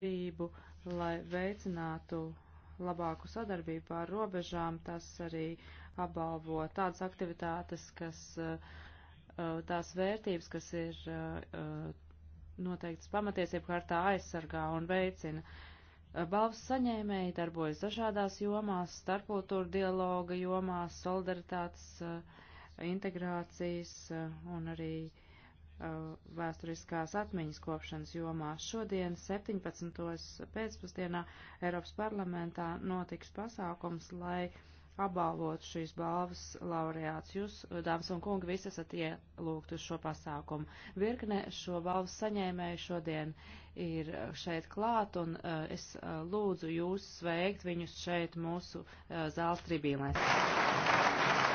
sadarbību, lai veicinātu labāku sadarbību pār robežām. Tas arī apbalvo tādas aktivitātes, kas eh, eh, tās vērtības, kas ir eh, noteikts pamatiesību hartā aizsargā un veicina. Balvas saņēmēji darbojas dažādās jomās, starpkultūra dialoga jomās, solidaritātes, integrācijas un arī uh, Uh, vēsturiskās atmiņas kopšanas jomā. Šodien 17. pēcpusdienā Eiropas parlamentā notiks pasākums, lai apbalvotu šīs balvas laureāts. Jūs, dāmas un kungi, visi esat ielūgti uz šo pasākumu. Virkne šo balvas saņēmēju šodien ir šeit klāt, un uh, es uh, lūdzu jūs sveikt viņus šeit mūsu zāles tribīnēs.